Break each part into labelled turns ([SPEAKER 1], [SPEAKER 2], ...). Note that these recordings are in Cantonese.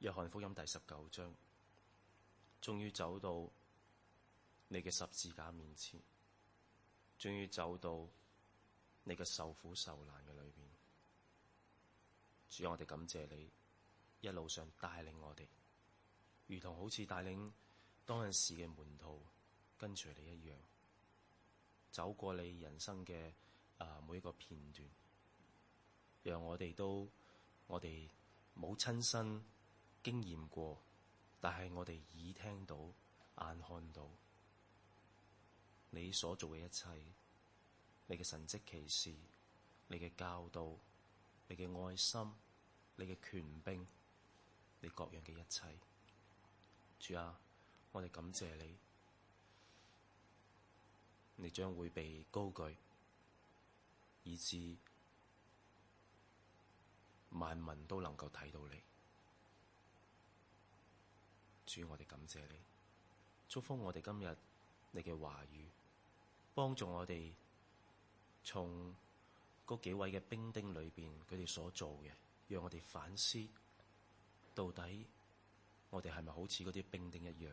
[SPEAKER 1] 約翰福音第十九章，終於走到你嘅十字架面前，終於走到你嘅受苦受難嘅裏面。主，我哋感謝你一路上帶領我哋，如同好似帶領當時嘅門徒跟隨你一樣，走過你人生嘅、啊、每一個片段，讓我哋都我哋冇親身。經驗過，但係我哋耳聽到、眼看到，你所做嘅一切，你嘅神跡奇事，你嘅教導，你嘅愛心，你嘅權柄，你各樣嘅一切，主啊，我哋感謝你，你將會被高舉，以致萬民都能夠睇到你。主，我哋感謝你，祝福我哋今日你嘅話語，幫助我哋從嗰幾位嘅兵丁裡邊，佢哋所做嘅，讓我哋反思到底我哋係咪好似嗰啲兵丁一樣，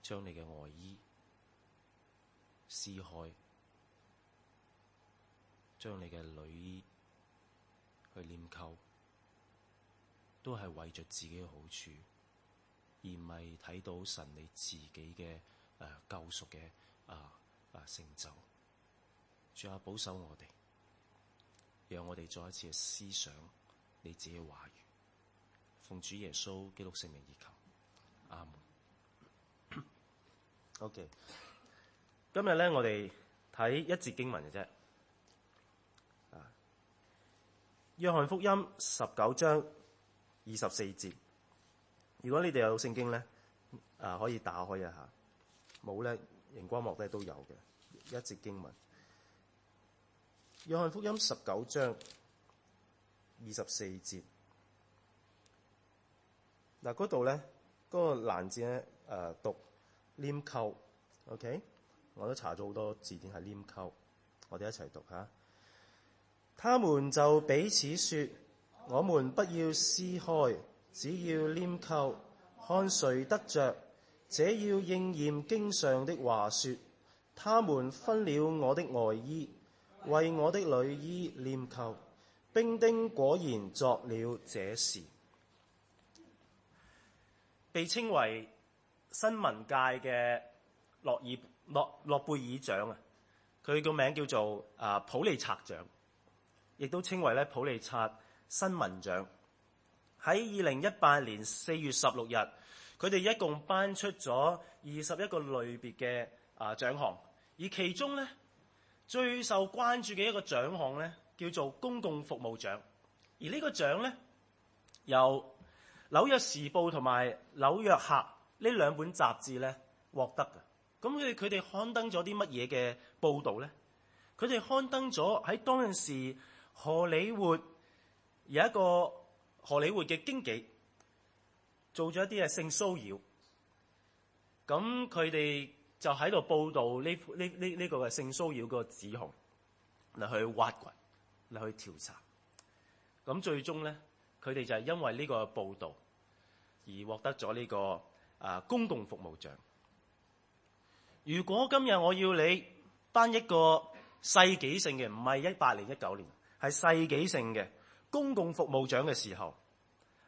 [SPEAKER 1] 將你嘅外衣撕開，將你嘅裡衣去拈鬮，都係為着自己嘅好處。而唔係睇到神你自己嘅誒、呃、救贖嘅啊啊成就，仲有、啊、保守我哋，讓我哋再一次嘅思想你自己嘅話語，奉主耶穌基督聖名而求，阿門。OK，今日咧我哋睇一節經文嘅啫，啊，約翰福音十九章二十四節。如果你哋有聖經咧，啊、呃、可以打開一下；冇咧，熒光幕咧都有嘅一節經文《約翰福音》十九章二十四節。嗱、呃，嗰度咧嗰個難字咧，誒、呃、讀黏溝，OK？我都查咗好多字典係黏溝。我哋一齊讀吓。他們就彼此說：我們不要撕開，只要拈鬮，看誰得着，這要應驗經上的話説：他們分了我的外衣，為我的裡衣拈鬮。兵丁果然作了這事。被稱為新聞界嘅諾爾諾諾貝爾獎啊，佢個名叫做啊普利策獎，亦都稱為咧普利策新聞獎。喺二零一八年四月十六日，佢哋一共頒出咗二十一個類別嘅啊獎項，而其中咧最受關注嘅一個獎項咧叫做公共服務獎，而個獎呢個獎咧由紐約時報同埋紐約客呢兩本雜誌咧獲得嘅。咁佢哋佢哋刊登咗啲乜嘢嘅報道咧？佢哋刊登咗喺當陣時，荷里活有一個。荷里活嘅經紀做咗一啲嘅性騷擾，咁佢哋就喺度報道呢呢呢呢個嘅性騷擾個指控，嚟去挖掘，嚟去調查。咁最終咧，佢哋就係因為呢個報道而獲得咗呢個啊公共服務獎。如果今日我要你頒一個世紀性嘅，唔係一八零一九年，係世紀性嘅。公共服務獎嘅時候，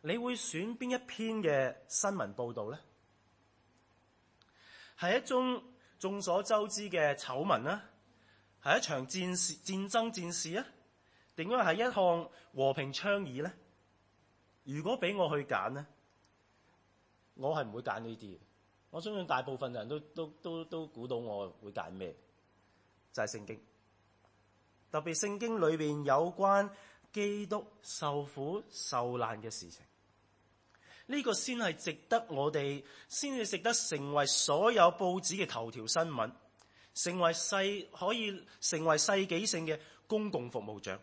[SPEAKER 1] 你會選邊一篇嘅新聞報道呢？係一宗眾所周知嘅醜聞啦，係一場戰事戰爭戰事啊？定因係一項和平倡議呢？如果俾我去揀呢，我係唔會揀呢啲。我相信大部分人都都都都估到我會揀咩，就係、是、聖經，特別聖經裏邊有關。基督受苦受難嘅事情，呢、這個先係值得我哋，先至值得成為所有報紙嘅頭條新聞，成為世可以成為世紀性嘅公共服務獎。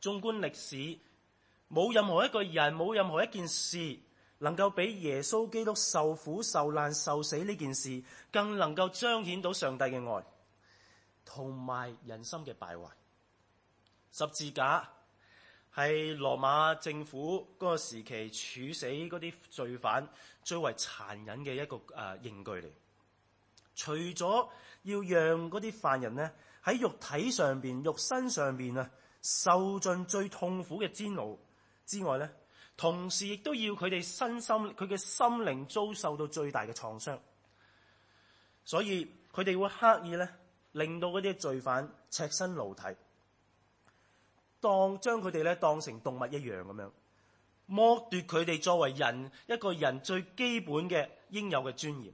[SPEAKER 1] 縱觀歷史，冇任何一個人，冇任何一件事，能夠比耶穌基督受苦受難受死呢件事，更能夠彰顯到上帝嘅愛，同埋人心嘅敗壞。十字架係羅馬政府嗰個時期處死嗰啲罪犯最為殘忍嘅一個誒刑，呃、具嚟。除咗要讓嗰啲犯人呢喺肉體上邊，肉身上邊啊受盡最痛苦嘅煎熬之外咧，同時亦都要佢哋身心佢嘅心靈遭受到最大嘅創傷，所以佢哋會刻意咧令到嗰啲罪犯赤身露體。當將佢哋咧，當成動物一樣咁樣，剝奪佢哋作為人一個人最基本嘅應有嘅尊嚴。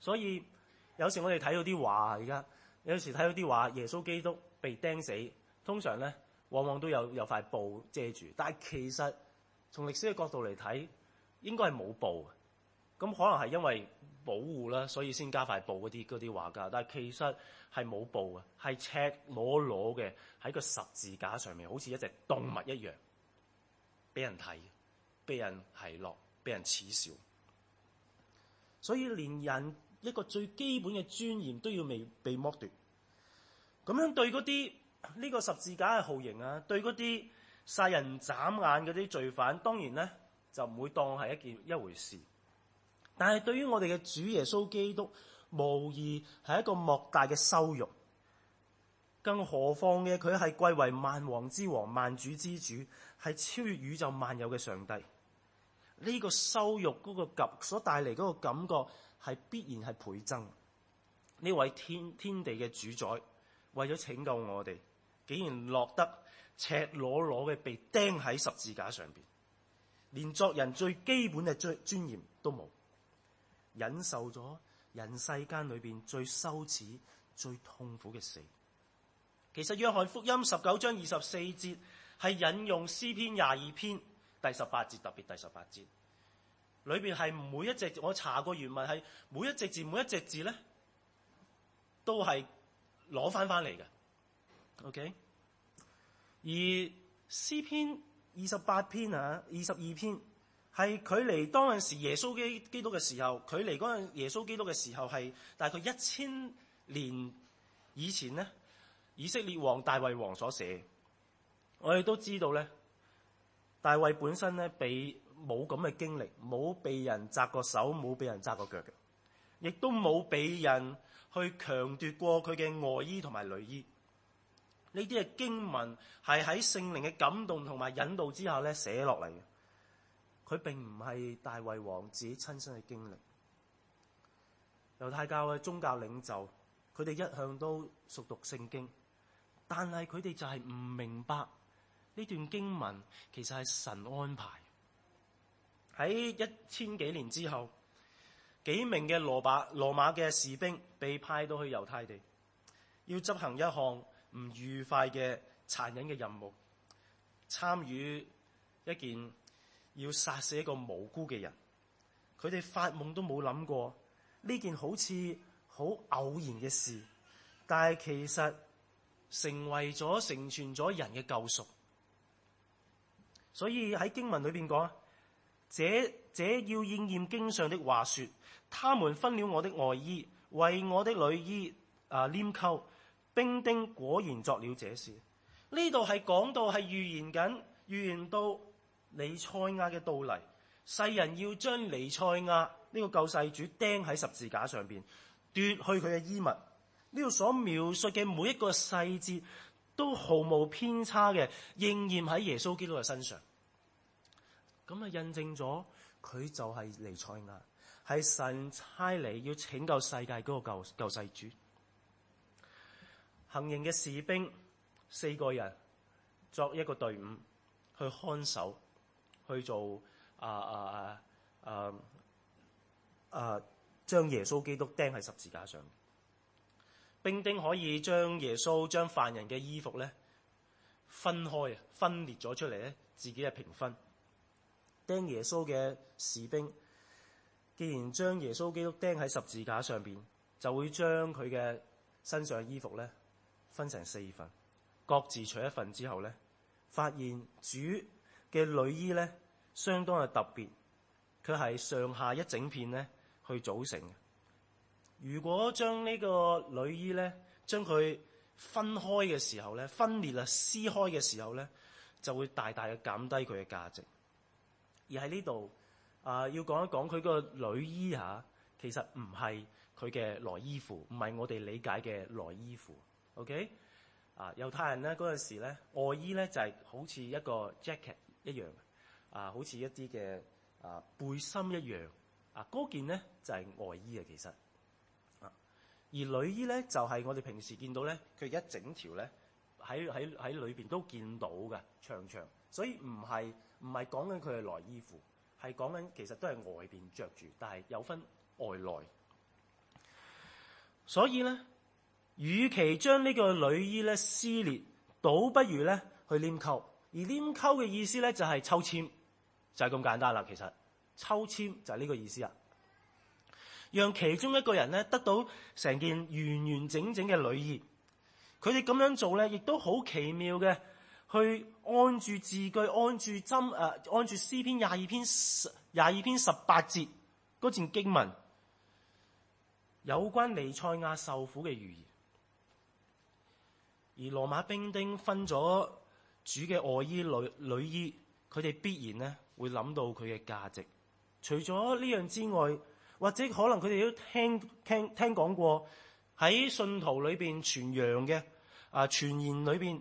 [SPEAKER 1] 所以有時我哋睇到啲話，而家有時睇到啲話，耶穌基督被釘死，通常咧，往往都有有塊布遮住，但係其實從歷史嘅角度嚟睇，應該係冇布嘅。咁可能係因為。保護啦，所以先加塊布啲啲畫架，但係其實係冇布嘅，係赤裸裸嘅喺個十字架上面，好似一隻動物一樣俾人睇，俾人奚落，俾人恥笑。所以連人一個最基本嘅尊嚴都要未被剝奪，咁樣對啲呢個十字架嘅酷刑啊，對啲殺人眨眼啲罪犯，當然咧就唔會當係一件一回事。但係，對於我哋嘅主耶穌基督，無疑係一個莫大嘅羞辱。更何況嘅佢係貴為萬王之王、萬主之主，係超越宇宙萬有嘅上帝。呢、這個羞辱嗰個感所帶嚟嗰個感覺係必然係倍增。呢位天天地嘅主宰為咗拯救我哋，竟然落得赤裸裸嘅被釘喺十字架上面，連作人最基本嘅尊尊嚴都冇。忍受咗人世間裏邊最羞恥、最痛苦嘅事。其實約翰福音十九章二十四節係引用詩篇廿二篇第十八節，特別第十八節裏邊係每一隻，我查過原文係每一隻字每一隻字咧，都係攞翻翻嚟嘅。OK，而詩篇二十八篇啊，二十二篇。係距離當陣時耶穌基基督嘅時候，距離嗰陣耶穌基督嘅時候係大概一千年以前咧，以色列王大衛王所寫，我哋都知道咧。大衛本身咧，俾冇咁嘅經歷，冇俾人扎過手，冇俾人扎過腳嘅，亦都冇俾人去強奪過佢嘅外衣同埋內衣。呢啲嘅經文係喺聖靈嘅感動同埋引導之下咧寫落嚟嘅。佢並唔係大衛王子親身嘅經歷。猶太教嘅宗教領袖，佢哋一向都熟讀聖經，但係佢哋就係唔明白呢段經文其實係神安排。喺一千幾年之後，幾名嘅羅馬羅馬嘅士兵被派到去猶太地，要執行一項唔愉快嘅殘忍嘅任務，參與一件，要殺死一個無辜嘅人，佢哋發夢都冇諗過呢件好似好偶然嘅事，但係其實成為咗成全咗人嘅救贖。所以喺經文裏邊講，這這要應驗、驗經上的話說，他們分了我的外衣，為我的裡衣，啊拈鬮兵丁果然作了這事。呢度係講到係預言緊，預言到。尼賽亞嘅到嚟，世人要將尼賽亞呢個救世主釘喺十字架上邊，奪去佢嘅衣物。呢度所描述嘅每一個細節都毫無偏差嘅，應驗喺耶穌基督嘅身上。咁啊，印證咗佢就係尼賽亞，係神差嚟要拯救世界嗰個救救世主。行刑嘅士兵四個人作一個隊伍，去看守。去做啊啊啊啊啊！將耶穌基督釘喺十字架上，兵丁可以將耶穌將犯人嘅衣服咧分開啊，分裂咗出嚟咧，自己嘅平分釘耶穌嘅士兵。既然將耶穌基督釘喺十字架上邊，就會將佢嘅身上嘅衣服咧分成四份，各自取一份之後咧，發現主嘅裡衣咧。相當嘅特別，佢係上下一整片咧去組成。如果將呢個裡衣咧，將佢分開嘅時候咧，分裂啊撕開嘅時候咧，就會大大嘅減低佢嘅價值。而喺呢度啊，要講一講佢個裡衣嚇、啊，其實唔係佢嘅內衣褲，唔係我哋理解嘅內衣褲。OK 啊，猶太人咧，嗰陣時咧，外衣咧就係、是、好似一個 jacket 一樣。啊，好似一啲嘅啊背心一樣，啊嗰件呢就係、是、外衣啊，其實、啊，而裡衣呢，就係、是、我哋平時見到呢，佢一整條呢喺喺喺裏邊都見到嘅長長，所以唔係唔係講緊佢嘅內衣褲，係講緊其實都係外邊着住，但係有分外內。所以呢，與其將呢個裡衣呢撕裂，倒不如呢去拈鬮，而拈鬮嘅意思呢，就係、是、抽籤。就係咁簡單啦，其實抽籤就係呢個意思啊！讓其中一個人咧得到成件完完整整嘅裡衣，佢哋咁樣做咧，亦都好奇妙嘅，去按住字句，按住針，誒、呃，按住詩篇廿二篇廿二篇十八節嗰段經文，有關彌賽亞受苦嘅預言。而羅馬兵丁分咗主嘅外衣、裡裡衣，佢哋必然咧。會諗到佢嘅價值。除咗呢樣之外，或者可能佢哋都聽聽聽講過喺信徒裏邊傳揚嘅啊，傳言裏邊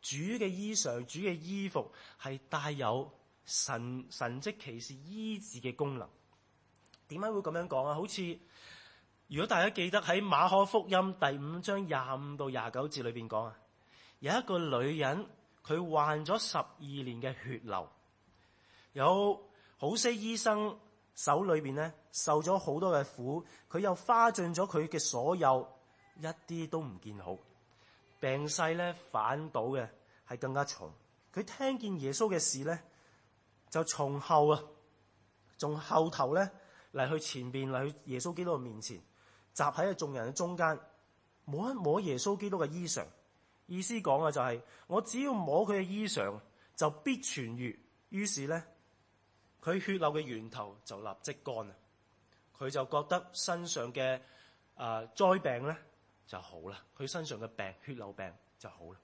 [SPEAKER 1] 主嘅衣裳、主嘅衣服係帶有神神蹟奇事醫治嘅功能。點解會咁樣講啊？好似如果大家記得喺馬可福音第五章廿五到廿九節裏邊講啊，有一個女人佢患咗十二年嘅血流。有好些醫生手裏邊咧受咗好多嘅苦，佢又花盡咗佢嘅所有，一啲都唔見好病勢咧反倒嘅係更加重。佢聽見耶穌嘅事咧，就從後啊，從後頭咧嚟，去前邊嚟去耶穌基督嘅面前，集喺個眾人嘅中間摸一摸耶穌基督嘅衣裳，意思講嘅就係、是、我只要摸佢嘅衣裳就必痊愈。於是咧。佢血流嘅源頭就立即乾啦，佢就覺得身上嘅啊、呃、災病呢就好啦，佢身上嘅病血流病就好啦。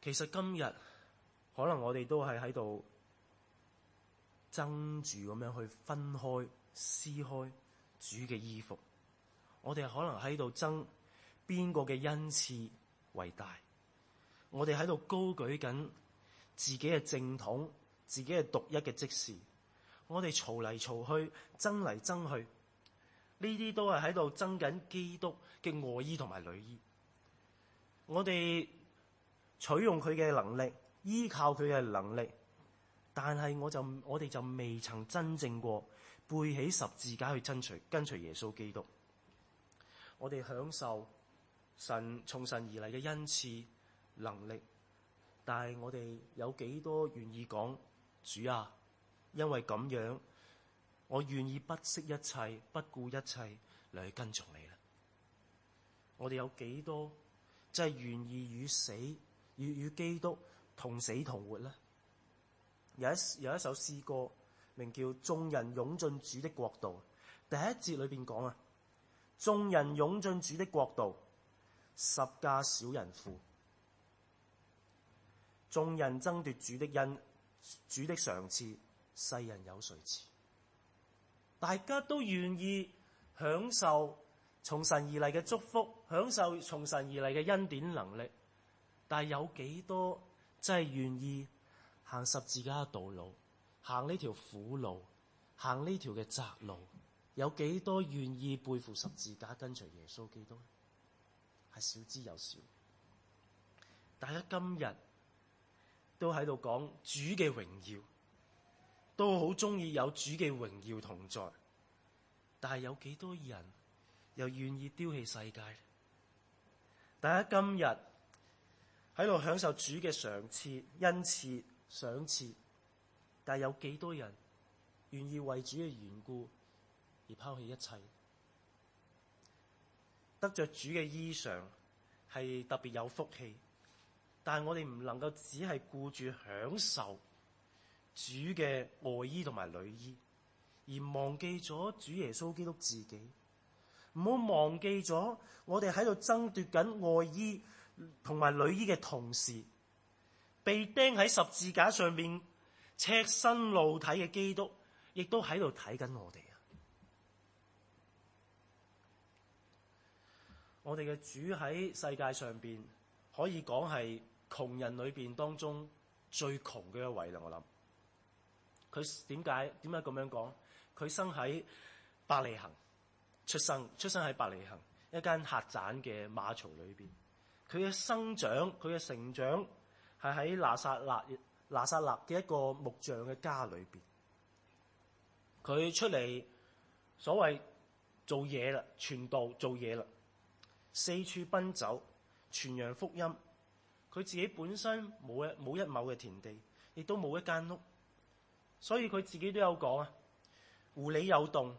[SPEAKER 1] 其實今日可能我哋都係喺度爭住咁樣去分開撕開主嘅衣服，我哋可能喺度爭邊個嘅恩賜為大，我哋喺度高舉緊自己嘅正統，自己嘅獨一嘅職事，我哋嘈嚟嘈去，爭嚟爭去，呢啲都係喺度爭緊基督嘅外衣同埋裡衣。我哋取用佢嘅能力，依靠佢嘅能力，但係我就我哋就未曾真正過背起十字架去爭取跟隨耶穌基督。我哋享受神從神而嚟嘅恩賜能力，但係我哋有幾多願意講？主啊，因為咁樣，我願意不惜一切，不顧一切嚟去跟從你啦。我哋有幾多真係願意與死與與基督同死同活呢？有一有一首詩歌，名叫《眾人湧進主的國度》。第一節裏邊講啊，眾人湧進主的國度，十家小人富，眾人爭奪主的恩。主的賞賜，世人有誰賜？大家都願意享受從神而嚟嘅祝福，享受從神而嚟嘅恩典能力，但係有幾多真係願意行十字架嘅道路，行呢條苦路，行呢條嘅窄路？有幾多願意背負十字架跟隨耶穌基督咧？係少之又少。但係今日，都喺度講主嘅榮耀，都好中意有主嘅榮耀同在，但係有幾多人又願意丟棄世界？大家今日喺度享受主嘅賞賜、恩賜、賞賜，但係有幾多人願意為主嘅緣故而拋棄一切？得着主嘅衣裳係特別有福氣。但係我哋唔能夠只係顧住享受主嘅外衣同埋裡衣，而忘記咗主耶穌基督自己。唔好忘記咗，我哋喺度爭奪緊外衣同埋裡衣嘅同時，被釘喺十字架上面赤身露體嘅基督，亦都喺度睇緊我哋啊！我哋嘅主喺世界上邊，可以講係。窮人裏邊當中最窮嘅一位啦，我諗。佢點解點解咁樣講？佢生喺伯利恒，出生，出生喺伯利恒，一間客棧嘅馬槽裏邊。佢嘅生長，佢嘅成長那薩納，係喺拿撒勒，拿撒勒嘅一個木匠嘅家裏邊。佢出嚟所謂做嘢啦，傳道做嘢啦，四處奔走，傳揚福音。佢自己本身冇一冇一畝嘅田地，亦都冇一間屋，所以佢自己都有講啊：狐狸有洞，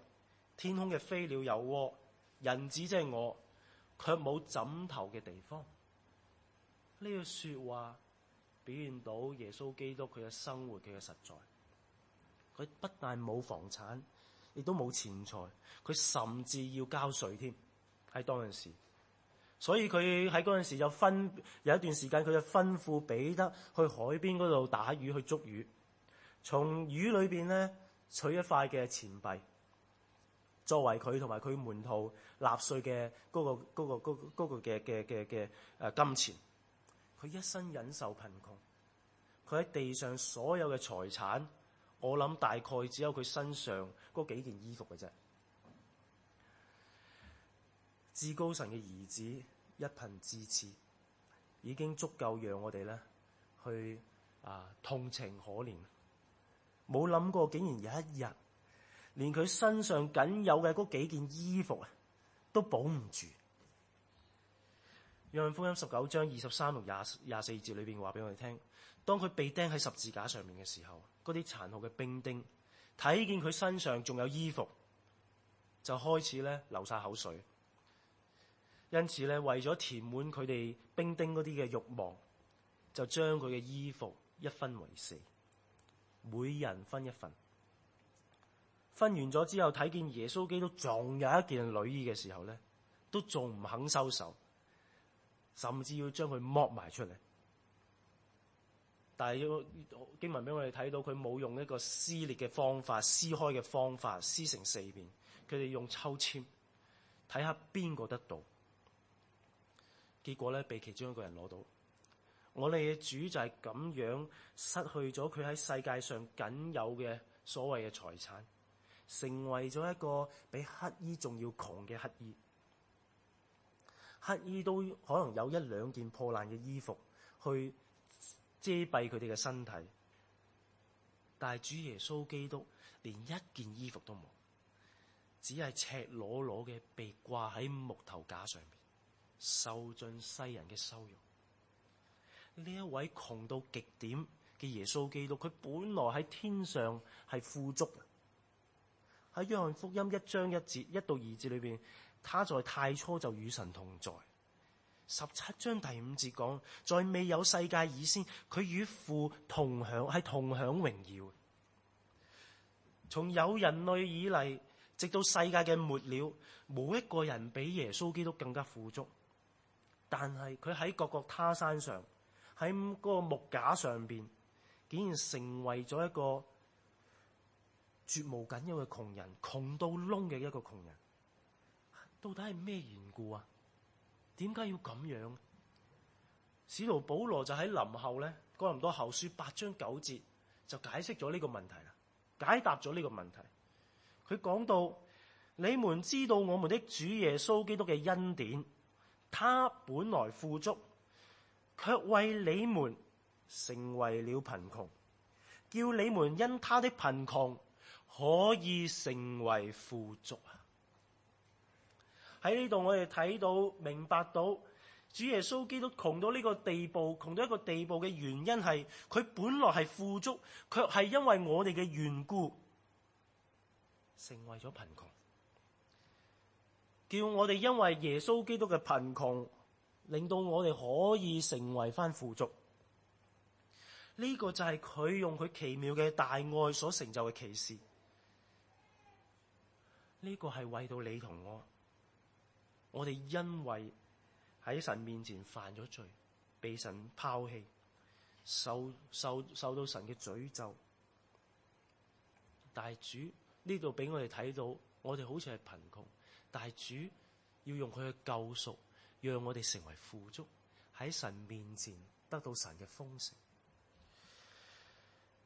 [SPEAKER 1] 天空嘅飛鳥有窩，人子即係我，卻冇枕頭嘅地方。呢句說話表現到耶穌基督佢嘅生活，佢嘅實在。佢不但冇房產，亦都冇錢財，佢甚至要交稅添喺當陣時。所以佢喺嗰陣時就分有一段時間，佢就吩咐彼得去海邊嗰度打魚去捉魚，從魚裏邊咧取一塊嘅錢幣，作為佢同埋佢門徒納稅嘅嗰個嗰、嗰個嗰嗰、嗰個嘅嘅嘅嘅誒金錢。佢一生忍受貧窮，佢喺地上所有嘅財產，我諗大概只有佢身上嗰幾件衣服嘅啫。至高神嘅兒子一貧至此，已經足夠讓我哋咧去啊同情可憐，冇諗過竟然有一日，連佢身上僅有嘅嗰幾件衣服啊都保唔住。約翰福音十九章二十三六廿廿四節裏邊話俾我哋聽，當佢被釘喺十字架上面嘅時候，嗰啲殘酷嘅兵丁睇見佢身上仲有衣服，就開始咧流晒口水。因此呢，為咗填滿佢哋兵丁嗰啲嘅慾望，就將佢嘅衣服一分為四，每人分一份。分完咗之後，睇見耶穌基督仲有一件裡衣嘅時候呢，都仲唔肯收手，甚至要將佢剝埋出嚟。但係經文俾我哋睇到，佢冇用一個撕裂嘅方法、撕開嘅方法、撕成四邊。佢哋用抽籤，睇下邊個得到。結果咧，被其中一個人攞到。我哋嘅主就係咁樣失去咗佢喺世界上僅有嘅所謂嘅財產，成為咗一個比乞衣仲要窮嘅乞衣。乞衣都可能有一兩件破爛嘅衣服去遮蔽佢哋嘅身體，但係主耶穌基督連一件衣服都冇，只係赤裸裸嘅被掛喺木頭架上面。受盡世人嘅羞辱，呢一位窮到極點嘅耶穌基督，佢本來喺天上係富足。喺約翰福音一章一節一到二節裏邊，他在太初就與神同在。十七章第五節講，在未有世界以先，佢與父同享係同享榮耀。從有人類以嚟，直到世界嘅末了，冇一個人比耶穌基督更加富足。但係佢喺各各他山上，喺嗰個木架上邊，竟然成為咗一個絕無僅有嘅窮人，窮到窿嘅一個窮人。到底係咩緣故啊？點解要咁樣啊？使徒保羅就喺臨後咧，《哥林多後書》八章九節就解釋咗呢個問題啦，解答咗呢個問題。佢講到：你們知道我們的主耶穌基督嘅恩典。他本來富足，卻為你們成為了貧窮，叫你們因他的貧窮可以成為富足啊！喺呢度我哋睇到，明白到主耶穌基督窮到呢個地步，窮到一個地步嘅原因係佢本來係富足，卻係因為我哋嘅緣故，成為咗貧窮。叫我哋因為耶穌基督嘅貧窮，令到我哋可以成為翻富足。呢、這個就係佢用佢奇妙嘅大愛所成就嘅奇事呢、這個係為到你同我，我哋因為喺神面前犯咗罪，被神拋棄，受受受到神嘅詛咒。但係主呢度俾我哋睇到，我哋好似係貧窮。大主要用佢嘅救贖，讓我哋成為富足，喺神面前得到神嘅豐盛。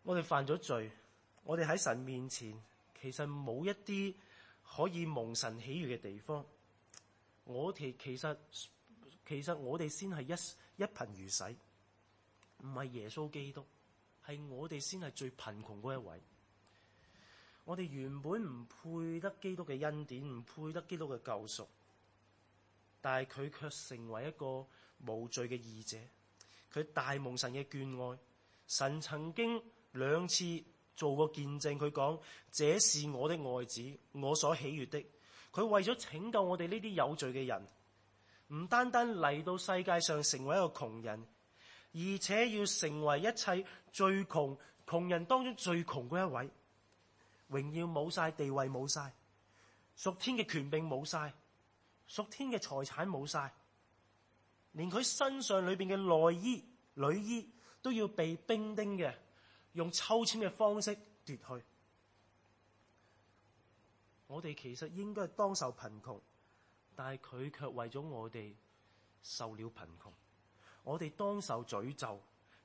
[SPEAKER 1] 我哋犯咗罪，我哋喺神面前其實冇一啲可以蒙神喜悅嘅地方。我哋其實其實我哋先係一一貧如洗，唔係耶穌基督，係我哋先係最貧窮一位。我哋原本唔配得基督嘅恩典，唔配得基督嘅救贖，但係佢卻成為一個無罪嘅義者。佢大蒙神嘅眷愛，神曾經兩次做過見證，佢講：這是我的愛子，我所喜悦的。佢為咗拯救我哋呢啲有罪嘅人，唔單單嚟到世界上成為一個窮人，而且要成為一切最窮窮人當中最窮嗰一位。榮耀冇晒，地位冇晒，屬天嘅權柄冇晒，屬天嘅財產冇晒，連佢身上裏邊嘅內衣、裡衣都要被兵丁嘅用抽籤嘅方式奪去。我哋其實應該係當受貧窮，但係佢卻為咗我哋受了貧窮；我哋當受詛咒，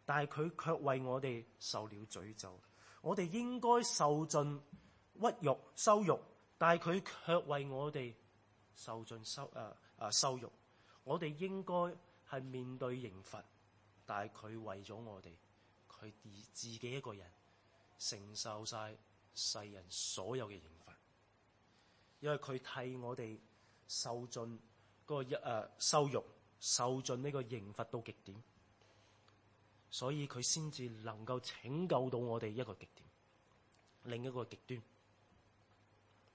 [SPEAKER 1] 但係佢卻為我哋受了詛咒。我哋應該受盡屈辱羞辱，但係佢卻為我哋受盡羞、呃、啊啊羞辱！我哋應該係面對刑罰，但係佢為咗我哋，佢自自己一個人承受晒世人所有嘅刑罰，因為佢替我哋受盡、嗰個一誒羞辱、受盡呢個刑罰到極點。所以佢先至能夠拯救到我哋一個極點，另一個極端，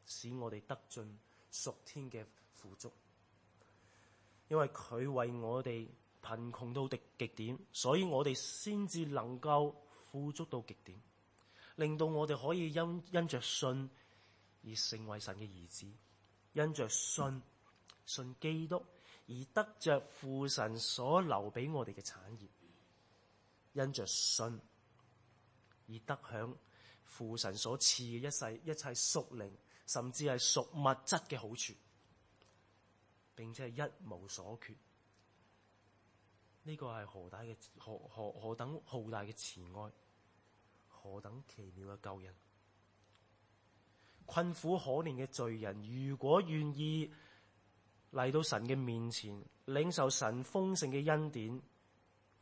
[SPEAKER 1] 使我哋得盡屬天嘅富足。因為佢為我哋貧窮到極點，所以我哋先至能夠富足到極點，令到我哋可以因，因着信而成為神嘅兒子，因着信信基督而得着父神所留俾我哋嘅產業。因着信而得享父神所賜嘅一世一切屬靈，甚至係屬物質嘅好處，並且係一無所缺。呢個係何大嘅何何何等浩大嘅慈愛，何等奇妙嘅救恩！困苦可憐嘅罪人，如果願意嚟到神嘅面前，領受神豐盛嘅恩典。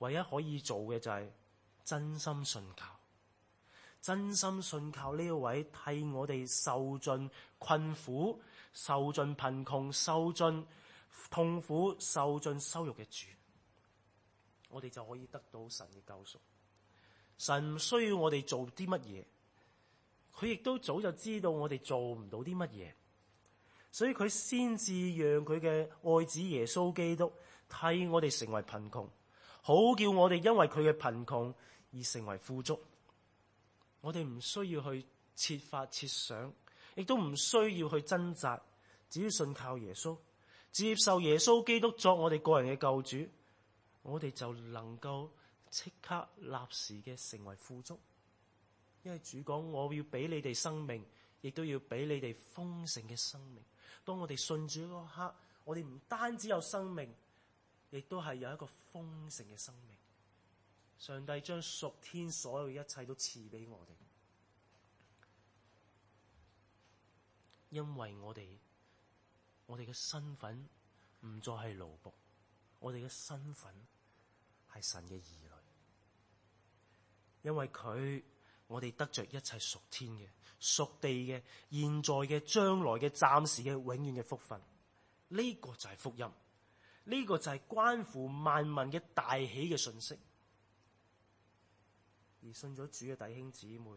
[SPEAKER 1] 唯一可以做嘅就係真心信靠，真心信靠呢一位替我哋受盡困苦、受盡貧窮、受盡痛苦、受盡羞辱嘅主，我哋就可以得到神嘅救贖。神唔需要我哋做啲乜嘢，佢亦都早就知道我哋做唔到啲乜嘢，所以佢先至讓佢嘅愛子耶穌基督替我哋成為貧窮。好叫我哋因為佢嘅貧窮而成為富足，我哋唔需要去設法設想，亦都唔需要去掙扎，只要信靠耶穌，接受耶穌基督作我哋個人嘅救主，我哋就能夠即刻立時嘅成為富足，因為主講，我要俾你哋生命，亦都要俾你哋豐盛嘅生命。當我哋信主嗰刻，我哋唔單止有生命。亦都係有一個豐盛嘅生命，上帝將屬天所有嘅一切都賜俾我哋，因為我哋我哋嘅身份唔再係奴僕，我哋嘅身份係神嘅兒女，因為佢我哋得着一切屬天嘅、屬地嘅、現在嘅、將來嘅、暫時嘅、永遠嘅福分，呢、呢個就係福音。呢個就係關乎萬民嘅大喜嘅訊息，而信咗主嘅弟兄姊妹、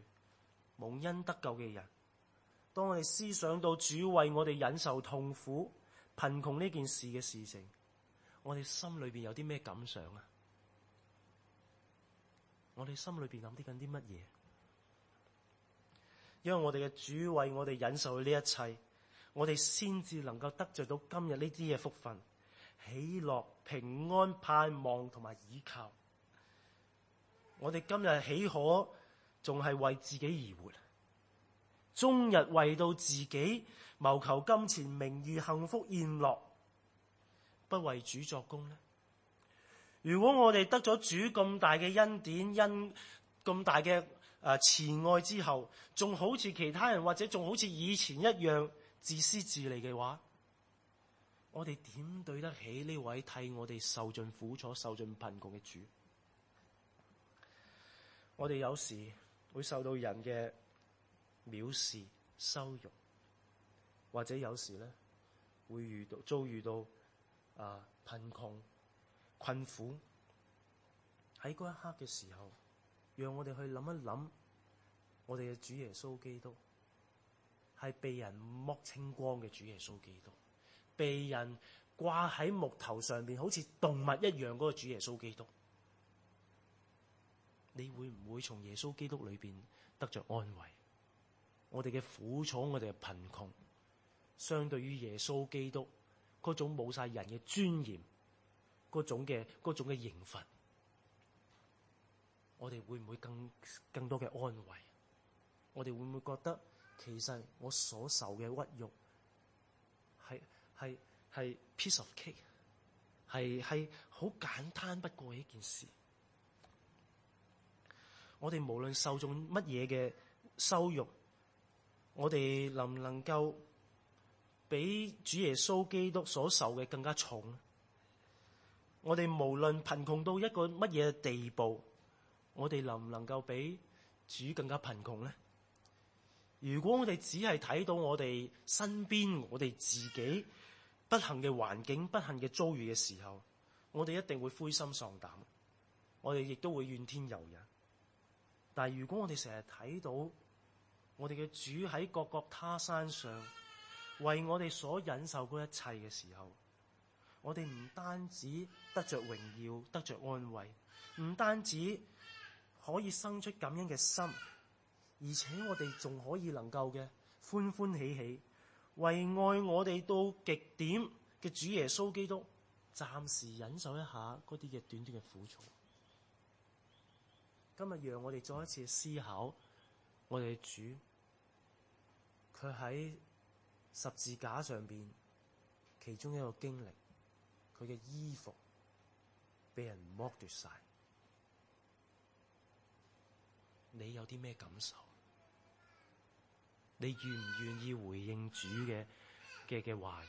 [SPEAKER 1] 蒙恩得救嘅人，當我哋思想到主為我哋忍受痛苦、貧窮呢件事嘅事情，我哋心裏邊有啲咩感想啊？我哋心裏邊諗啲緊啲乜嘢？因為我哋嘅主為我哋忍受嘅呢一切，我哋先至能夠得著到今日呢啲嘅福分。喜樂、平安、盼望同埋倚靠，我哋今日豈可仲係為自己而活，終日為到自己謀求金錢、名譽、幸福、宴樂，不為主作功呢？如果我哋得咗主咁大嘅恩典、恩咁大嘅誒慈愛之後，仲好似其他人或者仲好似以前一樣自私自利嘅話？我哋點對得起呢位替我哋受盡苦楚、受盡貧窮嘅主？我哋有時會受到人嘅藐視、羞辱，或者有時呢，會遇到遭遇到啊貧窮、困苦。喺嗰一刻嘅時候，讓我哋去諗一諗，我哋嘅主耶穌基督係被人剝清光嘅主耶穌基督。被人掛喺木頭上邊，好似動物一樣嗰個主耶穌基督，你會唔會從耶穌基督裏邊得着安慰？我哋嘅苦楚，我哋嘅貧窮，相對於耶穌基督嗰種冇晒人嘅尊嚴，嗰種嘅嗰種嘅刑罰，我哋會唔會更更多嘅安慰？我哋會唔會覺得，其實我所受嘅屈辱，係係 piece of cake，係係好簡單不過一件事。我哋無論受盡乜嘢嘅羞辱，我哋能唔能夠比主耶穌基督所受嘅更加重？我哋無論貧窮到一個乜嘢地步，我哋能唔能夠比主更加貧窮咧？如果我哋只係睇到我哋身邊、我哋自己不幸嘅環境、不幸嘅遭遇嘅時候，我哋一定會灰心喪膽，我哋亦都會怨天尤人。但係如果我哋成日睇到我哋嘅主喺各各他山上為我哋所忍受嗰一切嘅時候，我哋唔單止得着榮耀、得着安慰，唔單止可以生出感恩嘅心。而且我哋仲可以能夠嘅歡歡喜喜，為愛我哋到極點嘅主耶穌基督，暫時忍受一下嗰啲嘅短短嘅苦楚。今日讓我哋再一次思考，我哋嘅主，佢喺十字架上邊其中一個經歷，佢嘅衣服被人剝奪晒，你有啲咩感受？你願唔願意回應主嘅嘅嘅話語？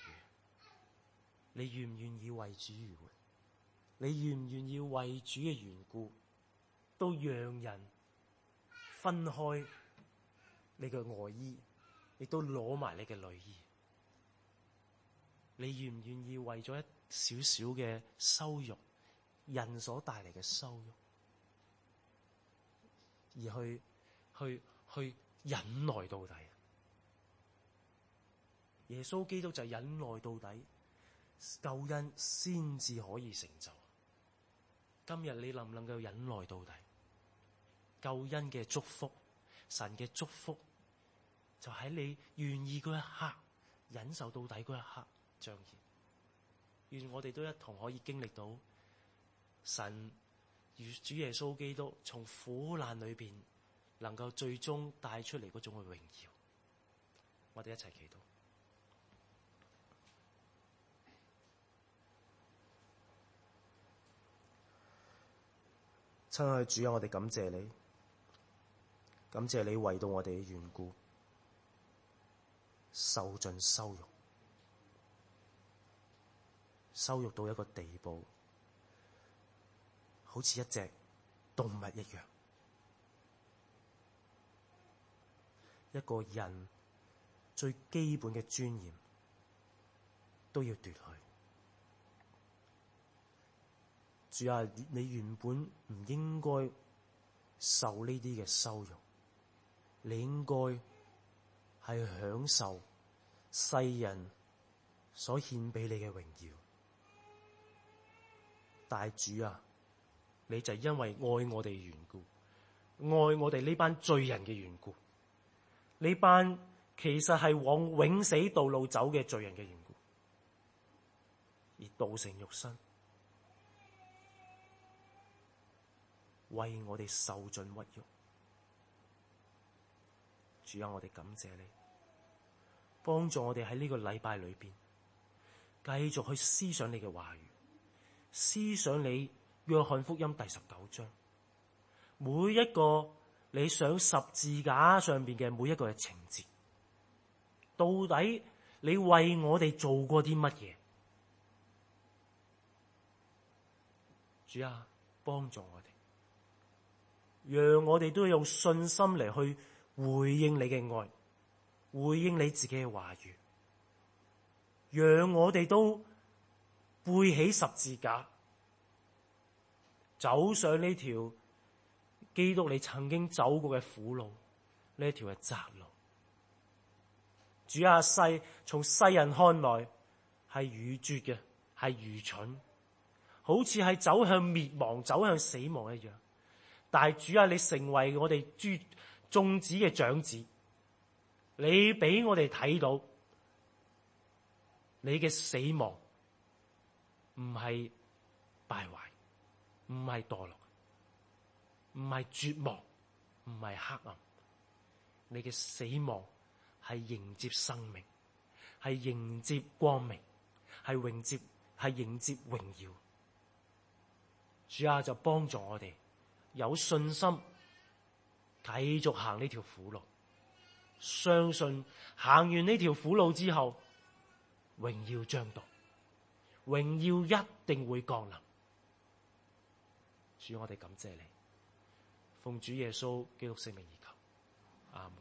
[SPEAKER 1] 你願唔願意為主而活？你願唔願意為主嘅緣故，都讓人分開你嘅外、呃、衣，亦都攞埋你嘅內衣？你願唔願意為咗一少少嘅羞辱，人所帶嚟嘅羞辱，而去去去忍耐到底？耶穌基督就忍耐到底，救恩先至可以成就。今日你能唔能夠忍耐到底？救恩嘅祝福，神嘅祝福，就喺你願意嗰一刻，忍受到底嗰一刻彰顯。願我哋都一同可以經歷到神與主耶穌基督從苦難裏邊能夠最終帶出嚟嗰種嘅榮耀。我哋一齊祈禱。親愛主啊，我哋感謝你，感謝你為到我哋嘅緣故，受盡羞辱，羞辱到一個地步，好似一隻動物一樣，一個人最基本嘅尊嚴都要奪去。主啊，你原本唔應該受呢啲嘅羞辱，你應該係享受世人所獻俾你嘅榮耀。大主啊，你就係因為愛我哋緣故，愛我哋呢班罪人嘅緣故，呢班其實係往永死道路走嘅罪人嘅緣故，而道成肉身。為我哋受盡屈辱，主啊，我哋感謝你，幫助我哋喺呢個禮拜裏邊繼續去思想你嘅話語，思想你約翰福音第十九章，每一個你想十字架上邊嘅每一個嘅情節，到底你為我哋做過啲乜嘢？主啊，幫助我哋。讓我哋都用信心嚟去回應你嘅愛，回應你自己嘅話語。讓我哋都背起十字架，走上呢條基督你曾經走過嘅苦路，呢條係窄路。主阿、啊、西，從世人看來係愚拙嘅，係愚蠢，好似係走向滅亡、走向死亡一樣。但係主啊，你成為我哋諸眾子嘅長子，你俾我哋睇到你嘅死亡唔係敗壞，唔係墮落，唔係絕望，唔係黑暗。你嘅死亡係迎接生命，係迎接光明，係迎接，係迎接榮耀。主啊，就幫助我哋。有信心繼續行呢條苦路，相信行完呢條苦路之後，榮耀將到，榮耀一定會降臨。主，我哋感謝你，奉主耶穌基督聖名而求，阿